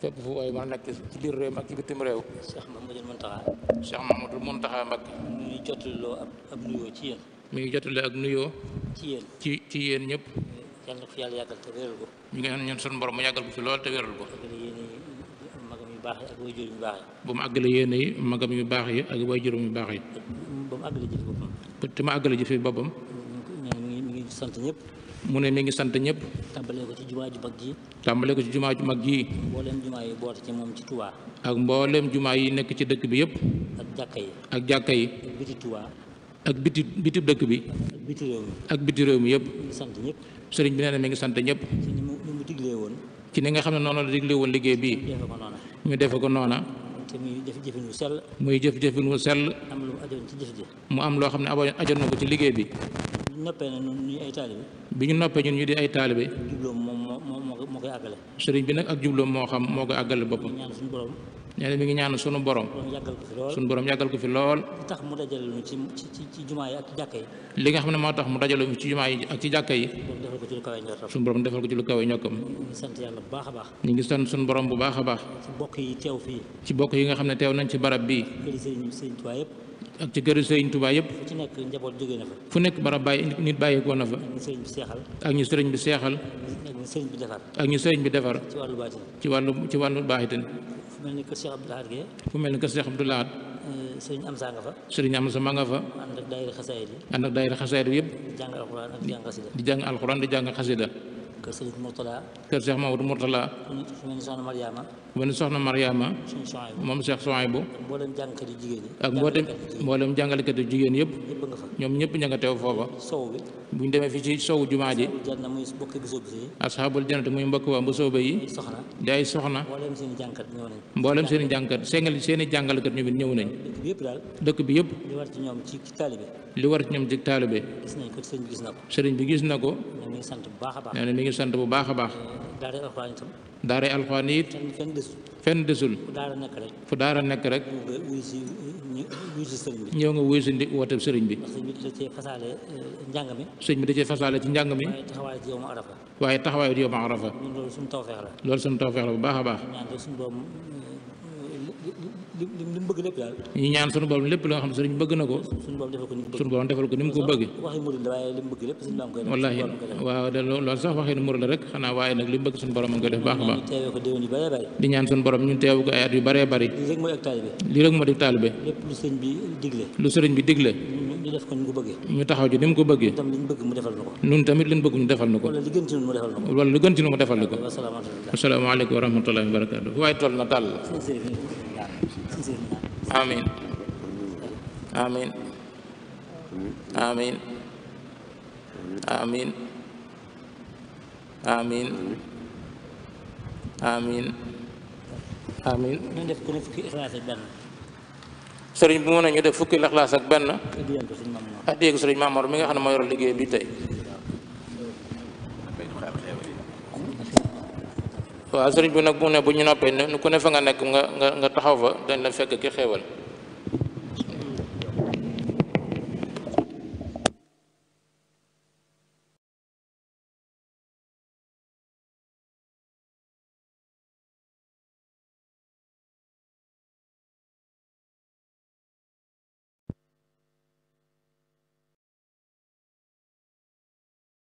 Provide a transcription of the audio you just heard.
fépp fu waaye mën a nekk ci biir réew mi ak ci bitim réew. Cheikh Mamadou Mountakha. Cheikh Mamadou Mountakha Mbacké. mi ngi jotuloo ab nuyoo ci yéen. mi ngi jotuloo ak nuyoo. ci yéen ci ci yéen ñëpp. yal na ko fi yàlla yàggal te wéral ko. ñu ngi ñaan ñun mu yàggal ko fi lool te wéral ko. magam yu baax yi ak waajur yu baax yi. ba mu àggale jëfe boppam. te ma àggale jëfe boppam. mi ngi sant ñëpp. mu ne mi ngi sant ñëpp. tàmbalee ko ci jumaa ju mag ji. tàmbalee ko ci jumaa ju mag ji. mbooleem jumaa yi boote ci moom ci Touba. ak mbooleem jumaa yi nekk ci dëkk bi yëpp. ak jàkka yi. ak jàkka yi. ak biti ak biti biti dëkk bi. ak biti réew mi. ak biti réew mi yëpp. sant ñëpp. sëriñ bi nee na ngi sant ñëpp. ci ni woon. ci ni nga xam ne noonu la diglee woon liggéey bii. ñu defe ko noona te muy jëf-jëfin wu sell. muy jëf-jëfin mu am loo xam ne ajoon na ko ci liggéey bi noppee na ñun ñuy ay taalibe. bi ñu noppee ñun ñu di ay taalibe. jubloom moom moo moo moo koy àggale. sëriñ bi nag ak jubloom moo xam moo koy àggale boppam. ñaan suñu borom. nee na mi ngi ñaan suñu borom. suñu borom yàggal ko fi lool. li tax mu dajale ñu ci ci ci jumaa yi ak ngi sant yàlla bu baax a baax. ñu ngi sant suñu borom bu baax a baax. ci bokk yi nga xam ne teew nañ ci barab bii. ak ci këru sëriñ Tuubaa yëpp. fu ci nekk njaboot jóge na fa. fu nekk nit bàyyi fa. ak ñu sëriñ bi seexal. ak ñu sëriñ bi seexal. ak ñu sëriñ bi defar. ak ñu sëriñ bi defar. ci wàllu baatin. ci wàllu ci wàllu baatin. fu mel ni que Cheikh Abdoul Ahad eh, sëriñ Amsa fa. sëriñ Amsa ma nga fa. ànd ak daayira xasaayid yi. ànd ak daayira xasaayid yëpp. di jàng alxuraan ak di jàng alxuraan di jàng xasida. kër Serigne Mourtala. kër Cheikh Mamadou Mourtala. fu mel ni Soxna Mariama. fu mel ni Soxna Mariama. moom Cheikh Souhaïbou. ak mboolem jàngalekat yu jigéen yi. ak mboolem mboolem jàngalekat yu jigéen yëpp. ñoom ñëpp ña nga teew foofa. sow bi bu ñu demee fii ci sowu jumaa ji. asxaabul jannati muy mbokk waa mbosooba yi. di ay soxna. mboolem seen i jàngkat ñëw nañ. mboolem seen i jàngkat seen seen i jàngalekat ñu ñëw nañ. dëkk bi yëpp. li war ci ñoom ci taalibe. li bi gis na ko. sëriñ bi gis na ko. nee na mi ngi sant bu baax a baax. daaray alxuraan itam. daaray alxuraan yi it. fenn desul. fenn desul. fu daara a nekk rek. ñëw nga wuyu si ndi woote sëriñ bi. sëñ bi da cee fasaale eh, njàng da cee fasaale ci njàng mi. waaye taxawaay yow ma arafa. waaye taxawaay yow ma arafa. loolu suñu tawfeex la. loolu suñu tawfeex la bu baax a baax. li mu bëgg lépp daal ñu ñaan suñu borom lépp loo xam ne sëriñ bëgg na ko suñu borom defal ko ni mu ko bëgg wallaahi waaw de loolu ni murid la rek xanaa waaye nag li mu bëgg suñu borom nga def baax a baax di ñaan suñu ko ay at yu bëree bëri lii rek moo di taalibe lu sëriñ bi digle ñu def ko ni mu ko bëggee ñu taxaw ci ni mu ko bëggee ñun defal na ko wala li gën ci nu mu defal na ko asalaamaaleykum wa rahmatullaahi wa barakaatu waaye toll na tàll آمين آمين آمين آمين آمين آمين آمين fukki ixlaas ak benn sëriñ bi mu ne ñu def fukki ixlaas ak benn addiyee ko sëriñ mi nga xam ne moo yor liggéey bi tey waaw sëriñ bi nag mu ne bu ñu noppee ne ku ne fa nga nekk nga nga nga taxaw fa dañ la fekk ki xéewal